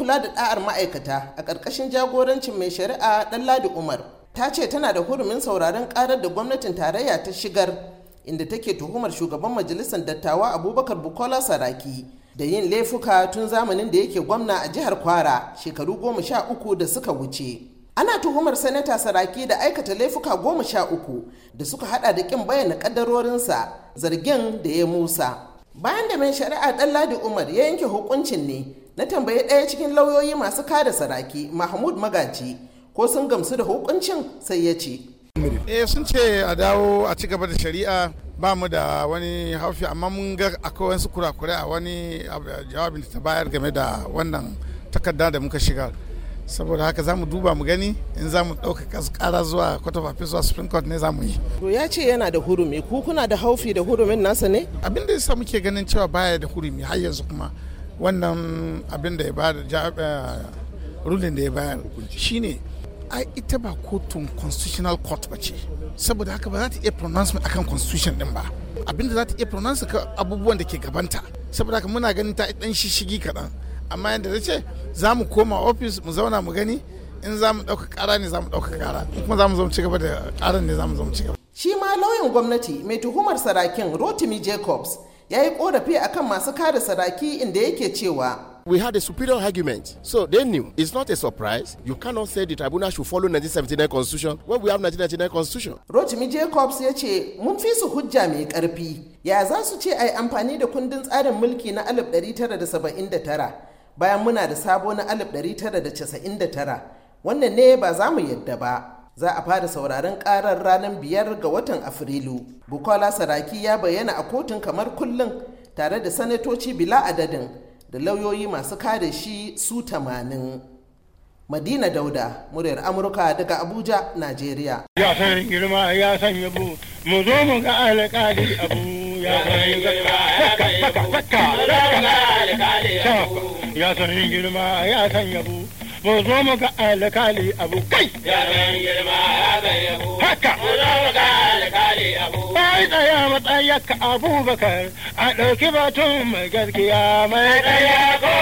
kula da ɗa'ar ma'aikata a ƙarƙashin jagorancin mai shari'a ɗanladi umar ta ce tana da hurumin sauraron ƙarar da gwamnatin tarayya ta shigar inda take tuhumar shugaban majalisar dattawa abubakar bukola saraki da yin laifuka tun zamanin da yake gwamna a jihar kwara shekaru goma sha uku da suka wuce ana tuhumar sanata saraki da aikata laifuka goma sha uku da suka hada da ƙin bayyana ƙaddarorinsa zargin da ya musa bayan da mai shari'a ɗanladi umar ya yanke hukuncin ne na tambayi ɗaya cikin lauyoyi masu kada saraki mahmud magaji ko sun gamsu da hukuncin sai ya ce eh sun ce a dawo a ci gaba da shari'a ba mu da wani haufi amma mun ga akwai wasu kurakurai a wani jawabin da ta bayar game da wannan takarda da muka shiga saboda haka za mu duba mu gani in za mu ɗauka ƙara zuwa court of appeal zuwa supreme court ne za mu yi. to ya ce yana da hurumi ku kuna da haufi da hurumin nasa ne. abin da yasa muke ganin cewa baya da hurumi har yanzu kuma wannan abin da ya bada eh, rulin da ya bayar shine A ita ba kotun constitutional court ba ce saboda haka ba za ta iya pronouncement akan constitution din ba Abinda da za ta iya pronouncement abubuwan da ke gabanta saboda haka muna ganin ta dan shishigi kaɗan amma yadda ta ce za mu koma ofis mu zauna mu gani in za mu ɗauka ƙara ne za mu ɗauka ƙara in kuma za mu zama cigaba da ƙaran ne za mu zama cigaba. shi ma lauyin gwamnati mai tuhumar sarakin rotimi jacobs ya yi ƙorafi akan masu kare saraki inda yake cewa we had a superior argument. So they knew it's not a surprise. You cannot say the tribunal should follow 1979 constitution when we have 1999 constitution. Rotimi Jacobs ya ce mun fi su hujja mai karfi. Ya za su ce a yi amfani da kundin tsarin mulki na 1979 bayan muna da sabo na 1999 wannan ne ba za mu yadda ba za a fara sauraron karar ranar biyar ga watan afrilu bukola saraki ya bayyana a kotun kamar kullum tare da sanatoci bila adadin da lauyoyi masu kare shi su tamanin madina dauda muryar amurka daga abuja nigeria ya san girma ya san yabo mu zo mu ga alƙali abu ya san girma ya san yabo mu zo mu ga alkali abu kai ya san girma ya san yabo haka ya zo mu ga alkali abu bai tsaya matsayaka abubakar a ɗauki batun mai gaskiya mai tsaya ko